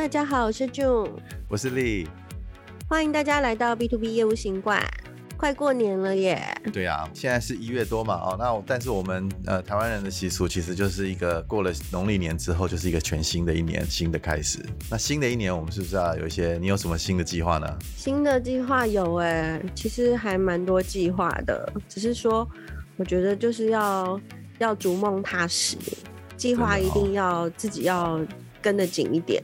大家好，我是 June，我是麗，歡迎大家來到 B to B 業務新管。快過年了耶！對啊，現在是一月多嘛，哦，那我但是我們呃台灣人的習俗其實就是一個過了農曆年之後，就是一個全新的一年，新的開始。那新的一年，我們是不是啊有一些？你有什麼新的計劃呢？新的計劃有誒、欸，其實還蠻多計劃的，只是說我覺得就是要要逐夢踏實，計劃一定要自己要。跟得緊一點，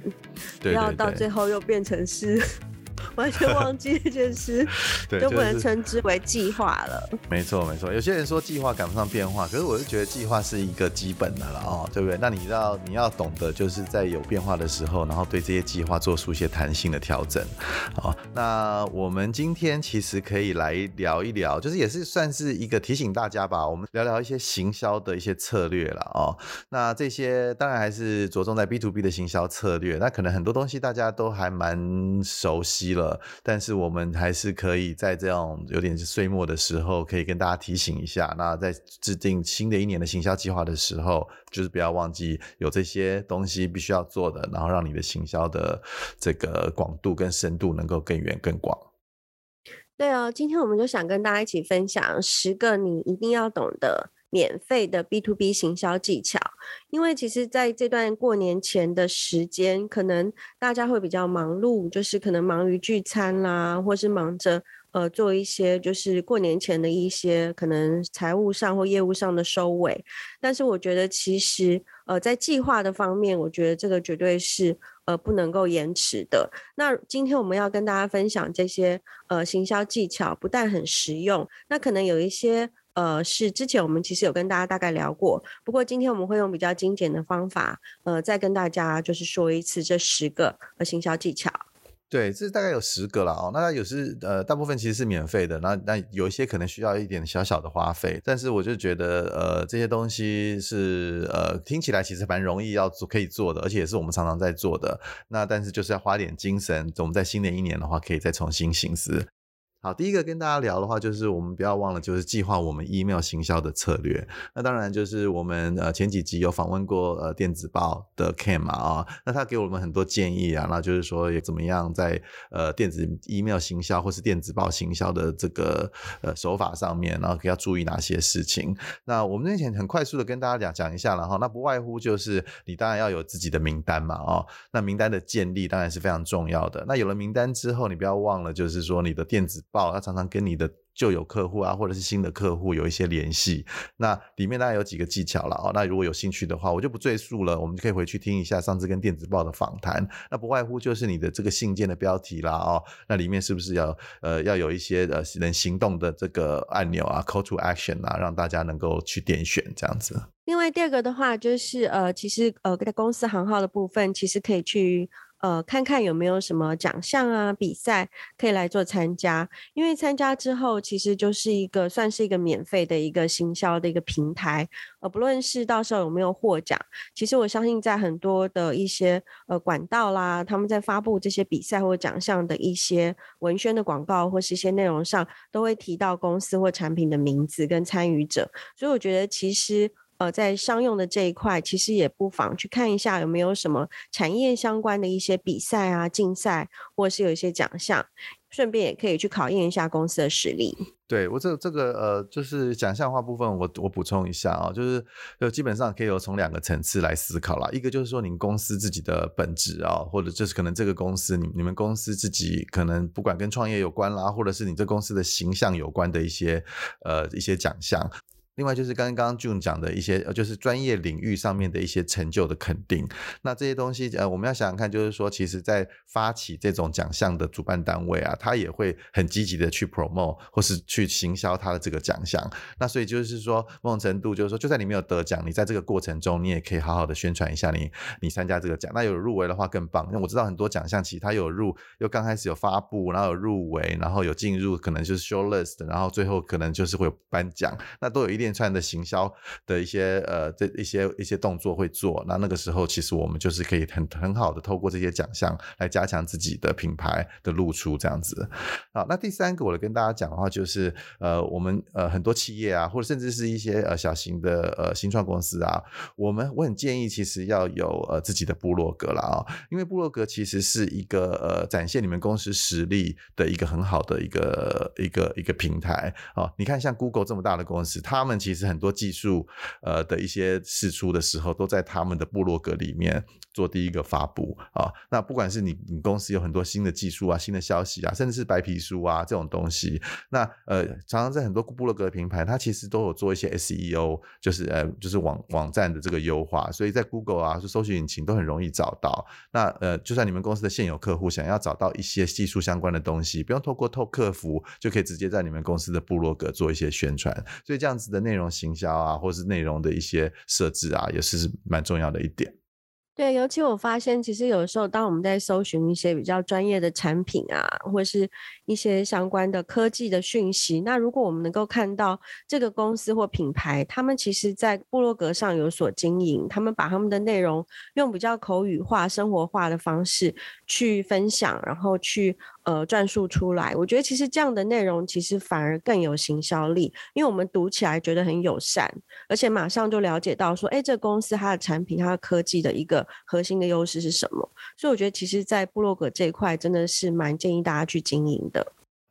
不要對到最後又變成是。對 完全忘記這件事， 對，就是都不能稱之為計劃了。沒錯，沒錯。有些人說，計劃趕不上變化，可是我是覺得計劃是一個基本的了哦，對不對？那你知道你要懂得，就是在有變化的時候，然後對這些計劃做出一些彈性的調整。好，那我們今天其實可以來聊一聊，就是也是算是一個提醒大家吧。我們聊聊一些行銷的一些策略了哦。那這些當然還是着重在 B to B 的行銷策略。那可能很多東西大家都還蠻熟悉了。但是我們還是可以在這樣有點歲末的時候，可以跟大家提醒一下。那在制定新的一年的行銷計劃的時候，就是不要忘記有這些東西必須要做的，然後讓你的行銷的這個廣度跟深度能夠更遠更廣。對哦，今天我們就想跟大家一起分享十個你一定要懂的，免費的 B to B 行銷技巧，因為其實在這段過年前的時間，可能大家會比較忙碌，就是可能忙於聚餐啦，或是忙着呃做一些就是過年前的一些可能財務上或業務上的收尾。但是我覺得其實呃在計劃的方面，我覺得這個絕對是呃不能夠延遲的。那今天我們要跟大家分享這些呃行銷技巧，不但很實用，那可能有一些。呃，是之前我們其實有跟大家大概聊過，不過今天我們會用比較精簡的方法，呃，再跟大家就是說一次這十個呃行銷技巧。對，這大概有十個了哦。那有時呃，大部分其實是免費的，那那有一些可能需要一點小小的花費。但是我就覺得，呃，這些東西是呃，聽起來其實蠻容易要做，可以做的，而且也是我們常常在做的。那但是就是要花點精神，我們在新的一年的話，可以再重新行事。好，第一個跟大家聊的話，就是我們不要忘了，就是計劃我們 email 行銷的策略。那當然就是我們呃前幾集有訪問過呃電子報的 Ken 嘛，啊、哦，那他給我們很多建議啊，那就是說也怎麼樣在呃電子 email 行銷或是電子報行銷的這個呃手法上面，然後可要注意哪些事情。那我們之前很快速的跟大家講講一下了、哦，然後那不外乎就是你當然要有自己的名單嘛哦，那名單的建立當然是非常重要的。那有了名單之後，你不要忘了就是說你的電子報他常常跟你的舊有客戶啊，或者是新的客戶有一些聯繫。那裡面大概有幾個技巧了喔。那如果有興趣的話，我就不贅述了，我們就可以回去聽一下上次跟電子報的訪談。那不外乎就是你的這個信件的標題啦喔。那裡面是不是要呃要有一些呃能行動的這個按鈕啊，Call to Action 啊，讓大家能夠去點選這樣子。另外第二個的話就是呃其實呃在公司行號的部分，其實可以去。呃，看看有沒有什麼獎項啊，比賽可以來做參加，因為參加之後其實就是一個算是一個免費的一個行銷的一個平台。呃，不論是到時候有沒有獲獎，其實我相信在很多的一些呃管道啦，他們在發布這些比賽或獎項的一些文宣的廣告或是一些內容上，都會提到公司或產品的名字跟參與者。所以我覺得其實。呃，在商用的這一塊，其實也不妨去看一下有沒有什麼產業相關的一些比賽啊、競賽，或者是有一些獎項，順便也可以去考驗一下公司的實力。對我這個、這個呃，就是獎項化部分我，我我補充一下啊，就是就基本上可以有從兩個層次來思考啦，一個就是說你們公司自己的本質啊，或者就是可能這個公司你你們公司自己可能不管跟創業有關啦，或者是你這公司的形象有關的一些呃一些獎項。另外就是剛剛剛 June 講的一些，呃，就是專業領域上面的一些成就的肯定。那這些東西，呃，我們要想想看，就是說，其實，在發起這種獎項的主辦單位啊，他也會很積極的去 promote 或是去行銷他的這個獎項。那所以就是說，某種程度就是說，就算你沒有得獎，你在這個過程中，你也可以好好的宣傳一下你你參加這個獎。那有入圍的話更棒，因為我知道很多獎項，其實有入，又剛開始有發布，然後有入圍，然後有進入，可能就是 show list 然後最後可能就是會有頒獎，那都有一定。串的行銷的一些呃，這一些一些動作會做，那那個時候其實我們就是可以很很好的透過這些獎項來加強自己的品牌的露出，這樣子。好、啊，那第三個我來跟大家講的話，就是呃，我們呃很多企業啊，或者甚至是一些呃小型的呃新創公司啊，我們我很建議其實要有呃自己的部落格了啊、喔，因為部落格其實是一個呃展現你們公司實力的一個很好的一個一個一個，一個平台啊、喔。你看像 Google 這麼大的公司，他們其實很多技術，呃的一些釋出的時候，都在他們的部落格裡面。做第一個發佈啊，那不管是你你公司有很多新的技術啊、新的消息啊，甚至是白皮書啊這種東西，那呃，常常在很多部落格平台，它其實都有做一些 SEO，就是呃，就是網網站的這個優化，所以在 Google 啊，就搜尋引擎都很容易找到。那呃，就算你們公司的現有客戶想要找到一些技術相關的東西，不用透過透客服，就可以直接在你們公司的部落格做一些宣傳。所以這樣子的內容行銷啊，或是內容的一些設置啊，也是蠻重要的一點。對，尤其我發現，其實有時候當我們在搜尋一些比較專業的產品啊，或是一些相關的科技的訊息，那如果我們能夠看到這個公司或品牌，他們其實在部落格上有所經營，他們把他們的內容用比較口語化、生活化的方式去分享，然後去。呃，轉述出來，我覺得其實這樣的內容其實反而更有行銷力，因為我們讀起來覺得很友善，而且馬上就了解到說，哎，這公司它的產品、它的科技的一個核心的優勢是什麼。所以我覺得，其實，在部落格這一塊，真的是蠻建議大家去經營的。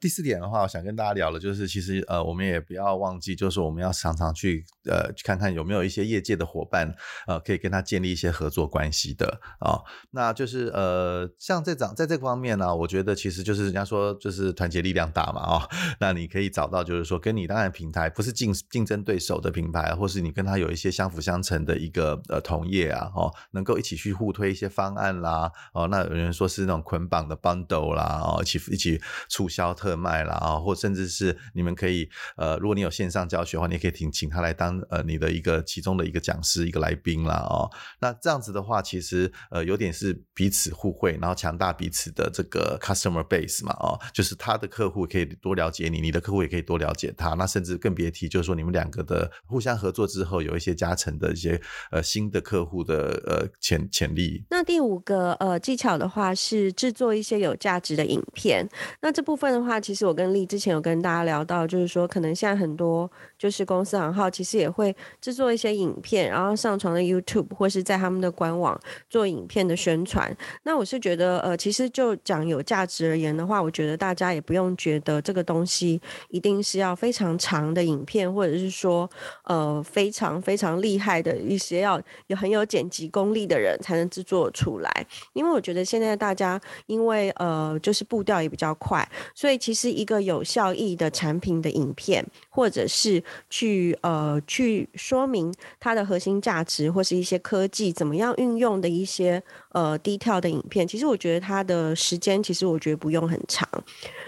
第四點的話，我想跟大家聊的就是其實呃，我們也不要忘記，就是我們要常常去呃，去看看有沒有一些業界的夥伴，呃，可以跟他建立一些合作關係的哦，那就是呃，像在長，在這方面呢，啊，我覺得其實就是人家說就是團結力量大嘛哦，那你可以找到就是說跟你當然平台不是競競爭對手的品牌，或是你跟他有一些相輔相成的一個呃同業啊哦，能夠一起去互推一些方案啦哦。那有人說是那種捆綁的 bundle 啦哦，一起一起促銷特。賣了啊，或甚至是你們可以呃，如果你有線上教學的話，你也可以請請他來當呃你的一個其中的一個講師，一個來賓了哦，那這樣子的話，其實呃有點是彼此互惠，然後強大彼此的這個 customer base 嘛，哦，就是他的客戶可以多了解你，你的客戶也可以多了解他。那甚至更別提就是說你們兩個的互相合作之後，有一些加成的一些呃新的客戶的呃潛潛力。那第五個呃技巧的話是制作一些有價值的影片。那這部分的話。那其實我跟麗之前有跟大家聊到，就是說可能現在很多就是公司行號其實也會制作一些影片，然後上傳到 YouTube 或是在他們的官網做影片的宣傳。那我是覺得，呃，其實就講有價值而言的話，我覺得大家也不用覺得這個東西一定是要非常長的影片，或者是說呃非常非常厲害的一些要有很有剪輯功力的人才能制作出來。因為我覺得現在大家因為呃就是步調也比較快，所以。其實一個有效益的產品的影片，或者是去呃去說明它的核心價值或是一些科技怎麼樣運用的一些呃低跳的影片，其實我覺得它的時間其實我覺得不用很長。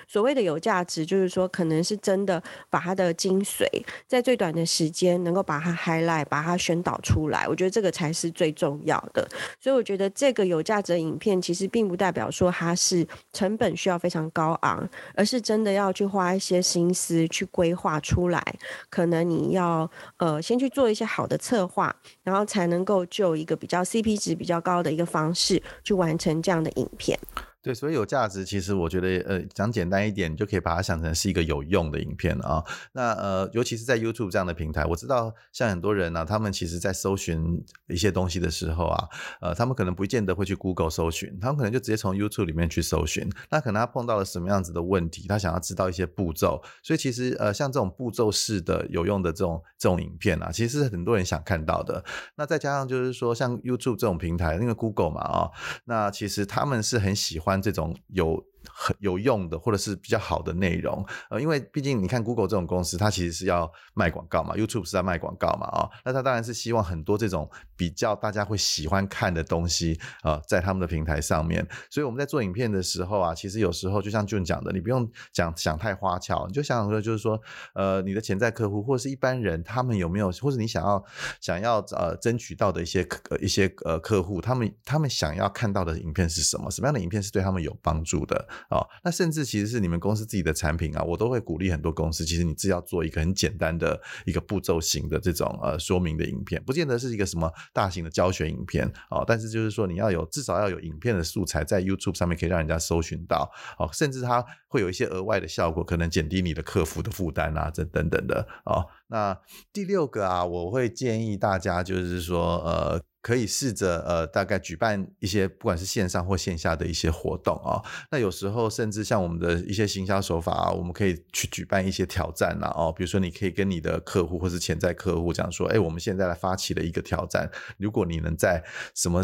所謂的有價值，就是說可能是真的把它的精髓在最短的時間能夠把它 highlight、把它宣導出來，我覺得這個才是最重要的。所以我覺得這個有價值的影片，其實並不代表說它是成本需要非常高昂，而是真的要去花一些心思去規劃出來，可能你要呃先去做一些好的策劃，然後才能夠就一個比較 CP 值比較高的一個方式去完成這樣的影片。對，所以有價值，其實我覺得，呃，講簡單一點，你就可以把它想成是一個有用的影片啊、哦。那呃，尤其是在 YouTube 這樣的平台，我知道像很多人呢、啊，他們其實在搜尋一些東西的時候啊，呃，他們可能不見得會去 Google 搜尋，他們可能就直接從 YouTube 裡面去搜尋。那可能他碰到了什麼樣子的問題，他想要知道一些步驟。所以其實呃，像這種步驟式的有用的這種這種影片啊，其實是很多人想看到的。那再加上就是說，像 YouTube 這種平台，因為 Google 嘛啊、哦，那其實他們是很喜歡。這種有，很有用的，或者是比較好的內容，呃，因為畢竟你看 Google 這種公司，它其實是要賣廣告嘛，YouTube 是在賣廣告嘛，啊、哦，那它當然是希望很多這種比較大家會喜歡看的東西，呃，在他們的平台上面。所以我們在做影片的時候啊，其實有時候就像俊講的，你不用講想太花俏，你就想想說，就是說，呃，你的潛在客戶或者是一般人，他們有沒有，或者你想要想要呃爭取到的一些、呃、一些呃客戶，他們他們想要看到的影片是什麼？什麼樣的影片是對他們有幫助的？哦，那甚至其實是你們公司自己的產品啊，我都會鼓勵很多公司，其實你只要做一個很簡單的一個步驟型的這種呃說明的影片，不見得是一個什麼大型的教學影片啊，但是就是說你要有至少要有影片的素材在 YouTube 上面可以讓人家搜尋到，哦，甚至它會有一些額外的效果，可能減低你的客服的負擔啊，這等等的啊。那第六個啊，我會建議大家就是說呃。可以試着呃，大概舉辦一些，不管是線上或線下的一些活動哦。那有時候甚至像我們的一些行銷手法啊，我們可以去舉辦一些挑戰啦。哦。比如說，你可以跟你的客戶或是潛在客戶講說，哎，我們現在來發起了一個挑戰，如果你能在什麼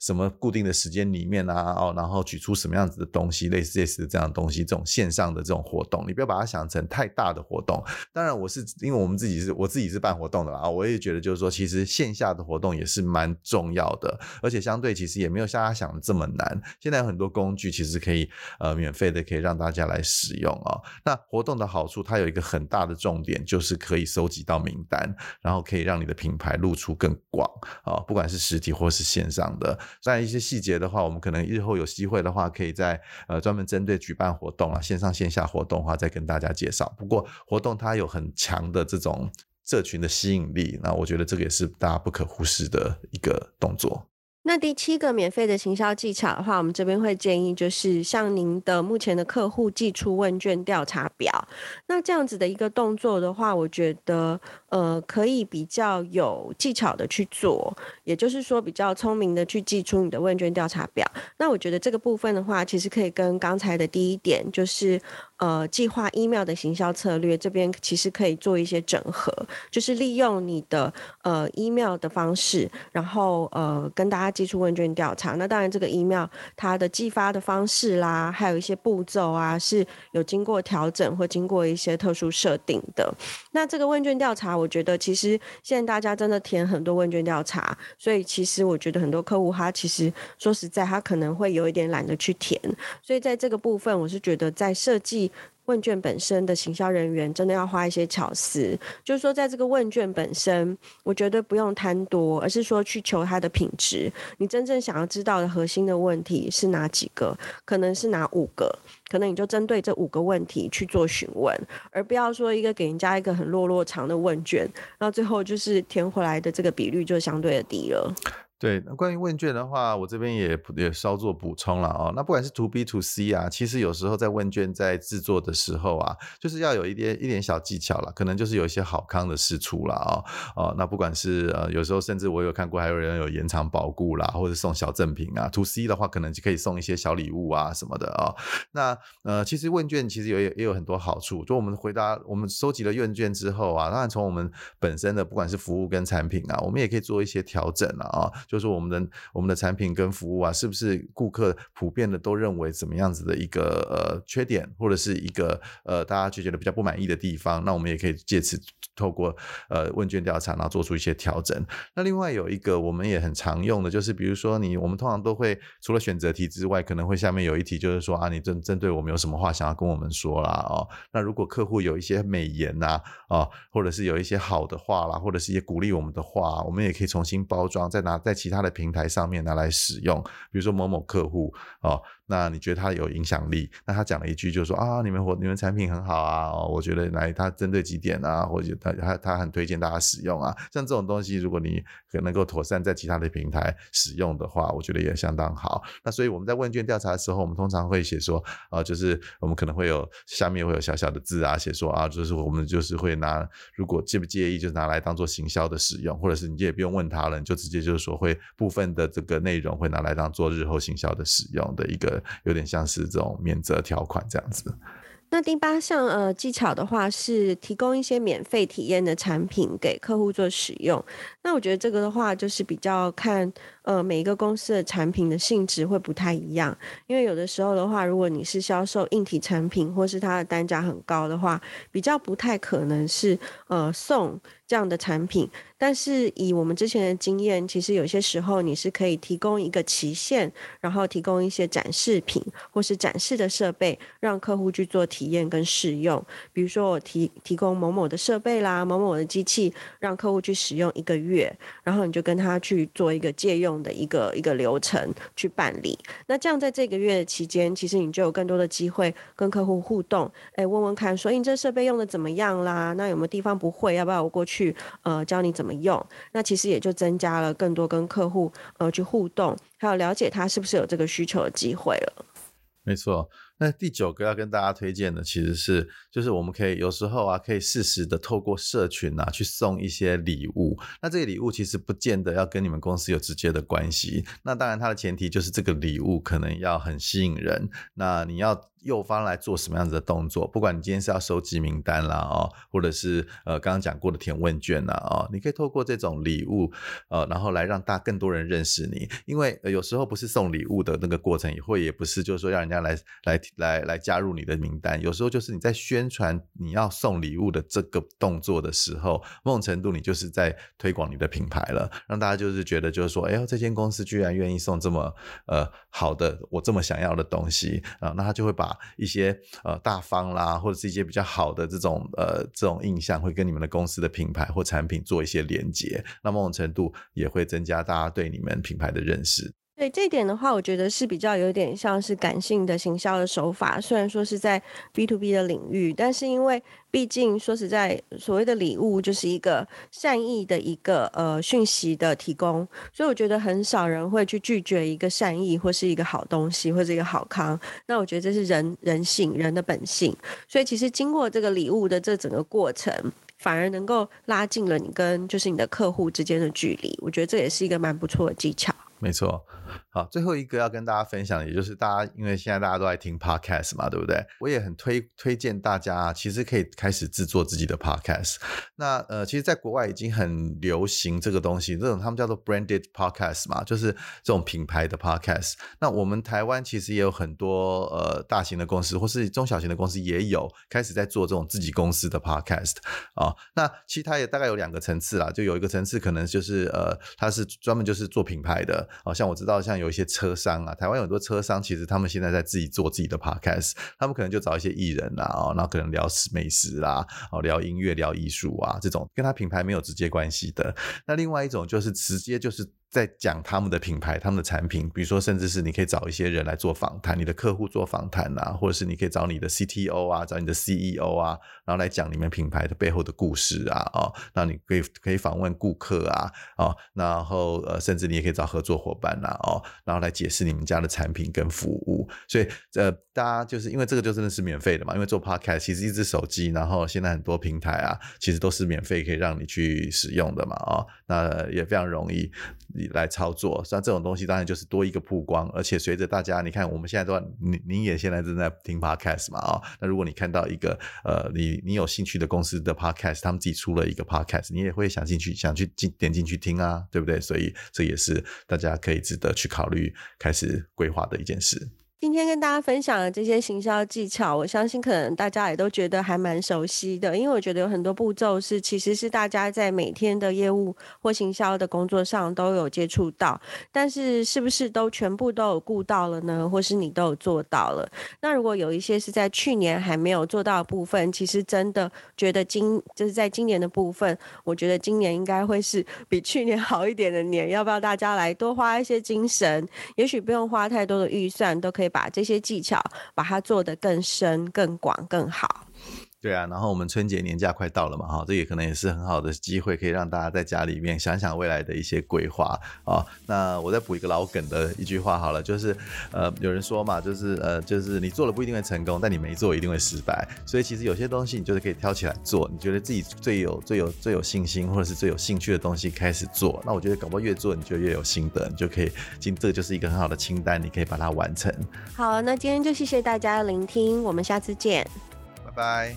什麼固定的時間裡面啊哦，然後舉出什麼樣子的東西，類似類似這樣的東西，這種線上的這種活動，你不要把它想成太大的活動。當然，我是因為我們自己是我自己是辦活動的啦，我也覺得就是說，其實線下的活動也是蠻重要的，而且相對其實也沒有像他想的這麼難。現在有很多工具，其實可以呃免費的可以讓大家來使用哦。那活動的好處，它有一個很大的重點，就是可以收集到名單，然後可以讓你的品牌露出更廣啊、哦，不管是實體或是線上的。在一些細節的話，我們可能日後有機會的話，可以在呃專門針對舉辦活動啊，線上線下活動的話，再跟大家介紹。不過活動它有很強的這種。社群的吸引力，那我覺得這個也是大家不可忽視的一個動作。那第七個免費的行銷技巧的話，我們這邊會建議就是向您的目前的客戶寄出問卷調查表。那這樣子的一個動作的話，我覺得。呃，可以比較有技巧的去做，也就是說比較聰明的去寄出你的問卷調查表。那我覺得這個部分的話，其實可以跟剛才的第一點，就是呃，計劃 email 的行銷策略這邊其實可以做一些整合，就是利用你的呃 email 的方式，然後呃跟大家寄出問卷調查。那當然這個 email 它的寄發的方式啦，還有一些步驟啊，是有經過調整或經過一些特殊設定的。那這個問卷調查。我覺得其實現在大家真的填很多問卷調查，所以其實我覺得很多客戶他其實說實在，他可能會有一點懶得去填，所以在這個部分，我是覺得在設計。問卷本身的行銷人員真的要花一些巧思，就是說，在這個問卷本身，我覺得不用貪多，而是說去求它的品質。你真正想要知道的核心的問題是哪幾個？可能是哪五個？可能你就針對這五個問題去做詢問，而不要說一個給人家一個很落落長的問卷，然後最後就是填回來的這個比率就相對的低了。對，關於問卷的話，我這邊也也稍作補充了啊、哦。那不管是 To B To C 啊，其實有時候在問卷在製作的時候啊，就是要有一點一點小技巧了，可能就是有一些好康的釋出了啊、哦。哦，那不管是呃，有時候甚至我有看過，還有人有延長保固啦，或者送小贈品啊。To C 的話，可能就可以送一些小禮物啊什麼的啊、哦。那呃，其實問卷其實有也也有很多好處，就我們回答我們收集了問卷之後啊，當然從我們本身的不管是服務跟產品啊，我們也可以做一些調整啊、哦。就是我們的我們的產品跟服務啊，是不是顧客普遍的都認為怎麼樣子的一個呃缺點，或者是一個呃大家就覺得比較不滿意的地方？那我們也可以借此透過呃問卷調查，然後做出一些調整。那另外有一個我們也很常用的就是，比如說你我們通常都會除了選擇題之外，可能會下面有一題就是說啊，你針針對我們有什麼話想要跟我們說啦哦，那如果客戶有一些美言吶啊、哦，或者是有一些好的話啦，或者是一些鼓勵我們的話，我們也可以重新包裝，再拿再。其他的平台上面拿來使用，比如說某某客戶哦，那你覺得他有影響力？那他講了一句就是說，就說啊，你們活你們產品很好啊，哦，我覺得來他針對幾點啊，或者他他他很推薦大家使用啊。像這種東西，如果你能夠妥善在其他的平台使用的話，我覺得也相當好。那所以我們在問卷調查的時候，我們通常會寫說，啊、呃，就是我們可能會有下面會有小小的字啊，寫說啊，就是我們就是會拿，如果介不介意，就是、拿來當做行銷的使用，或者是你也不用問他了，你就直接就是說。會部分的這個內容會拿來當做日後行銷的使用的一個，有點像是這種免責條款這樣子。那第八項呃技巧的話是提供一些免費體驗的產品給客戶做使用。那我覺得這個的話就是比較看呃每一個公司的產品的性質會不太一樣，因為有的時候的話，如果你是銷售硬體產品或是它的單價很高的話，比較不太可能是呃，送。這樣的產品，但是以我們之前的經驗，其實有些時候你是可以提供一個期限，然後提供一些展示品或是展示的設備，讓客戶去做體驗跟試用。比如說我提提供某某的設備啦，某某的機器，讓客戶去使用一個月，然後你就跟他去做一個借用的一個一個流程去辦理。那這樣在這個月期間，其實你就有更多的機會跟客戶互動，哎、欸，問問看，所以你這設備用的怎麼樣啦？那有沒有地方不會？要不要我過去？去呃教你怎麼用，那其實也就增加了更多跟客戶呃去互動，還有了解他是不是有這個需求的機會了。沒錯，那第九個要跟大家推薦的其實是，就是我們可以有時候啊，可以適時的透過社群啊去送一些禮物。那這個禮物其實不見得要跟你們公司有直接的關係。那當然它的前提就是這個禮物可能要很吸引人。那你要。右方來做什麼樣子的動作？不管你今天是要收集名單啦，哦，或者是呃剛剛講過的填問卷啦，哦、喔，你可以透過這種禮物，呃，然後來讓大更多人認識你。因為、呃、有時候不是送禮物的那個過程也會也不是，就是說要人家來來來來加入你的名單。有時候就是你在宣傳你要送禮物的這個動作的時候，某種程度你就是在推廣你的品牌了，讓大家就是覺得就是說，哎、欸、呦、呃，這間公司居然願意送這麼呃好的我這麼想要的東西啊、呃，那他就會把。一些呃大方啦，或者是一些比較好的這種呃這種印象，會跟你們的公司的品牌或產品做一些連接，那某種程度也會增加大家對你們品牌的認識。對，這點的話，我覺得是比較有點像是感性的行銷的手法。雖然說是在 B to B 的領域，但是因為畢竟說實在，所謂的禮物就是一個善意的一個呃訊息的提供，所以我覺得很少人會去拒絕一個善意或是一個好東西或是一個好康。那我覺得這是人人性人的本性。所以其實經過這個禮物的這整個過程，反而能夠拉近了你跟就是你的客戶之間的距離。我覺得這也是一個蠻不錯的技巧。沒錯，好，最後一個要跟大家分享的，也就是大家，因為現在大家都愛聽 podcast 嘛，對不對？我也很推，推薦大家啊，其實可以開始製作自己的 podcast。那呃，其實，在國外已經很流行這個東西，這種他們叫做 branded podcast 嘛，就是這種品牌的 podcast。那我們台灣其實也有很多呃大型的公司，或是中小型的公司也有開始在做這種自己公司的 podcast。啊，哦，那其實它也大概有兩個層次啦，就有一個層次可能就是呃，它是專門就是做品牌的。哦，像我知道，像有一些車商啊，台灣有很多車商，其實他們現在在自己做自己的 podcast，他們可能就找一些藝人啦、啊，哦，那可能聊美食啦，哦，聊音樂、聊藝術啊，這種跟他品牌沒有直接關係的。那另外一種就是直接就是。在講他們的品牌、他們的產品，比如說，甚至是你可以找一些人來做訪談，你的客戶做訪談啊，或者是你可以找你的 CTO 啊，找你的 CEO 啊，然後來講你們品牌的背後的故事啊，哦，那你可以可以訪問顧客啊，哦，然後，呃，甚至你也可以找合作夥伴啊，哦，然後來解釋你們家的產品跟服務。所以，呃，大家就是因為這個就真的是免費的嘛，因為做 Podcast 其實一支手機，然後現在很多平台啊，其實都是免費可以讓你去使用的嘛，哦，那也非常容易。來操作，像這種東西當然就是多一個曝光，而且隨着大家，你看我們現在都，你你也現在正在聽 podcast 嘛，哦，那如果你看到一個呃，你你有興趣的公司的 podcast，他們自己出了一個 podcast，你也會想進去，想去進點進去聽啊，對不對？所以這也是大家可以值得去考慮、開始規劃的一件事。今天跟大家分享的這些行銷技巧，我相信可能大家也都覺得還蠻熟悉的，因為我覺得有很多步驟是其實是大家在每天的業務或行銷的工作上都有接觸到，但是是不是都全部都有顧到了呢？或是你都有做到了？那如果有一些是在去年還沒有做到的部分，其實真的覺得今就是在今年的部分，我覺得今年應該會是比去年好一點的年，要不要大家來多花一些精神？也許不用花太多的預算都可以。把這些技巧，把它做得更深、更廣、更好。對啊，然後我們春節年假快到了嘛，哈，這也可能也是很好的機會，可以讓大家在家裡面想想未來的一些規劃啊、哦。那我再補一個老梗的一句話好了，就是，呃，有人說嘛，就是，呃，就是你做了不一定會成功，但你沒做一定會失敗。所以其實有些東西你就是可以挑起來做，你覺得自己最有、最有、最有信心，或者是最有興趣的東西開始做。那我覺得搞不好越做你就越有心得，你就可以，其實這就是一個很好的清單，你可以把它完成。好，那今天就謝謝大家的聆聽，我們下次見。拜拜。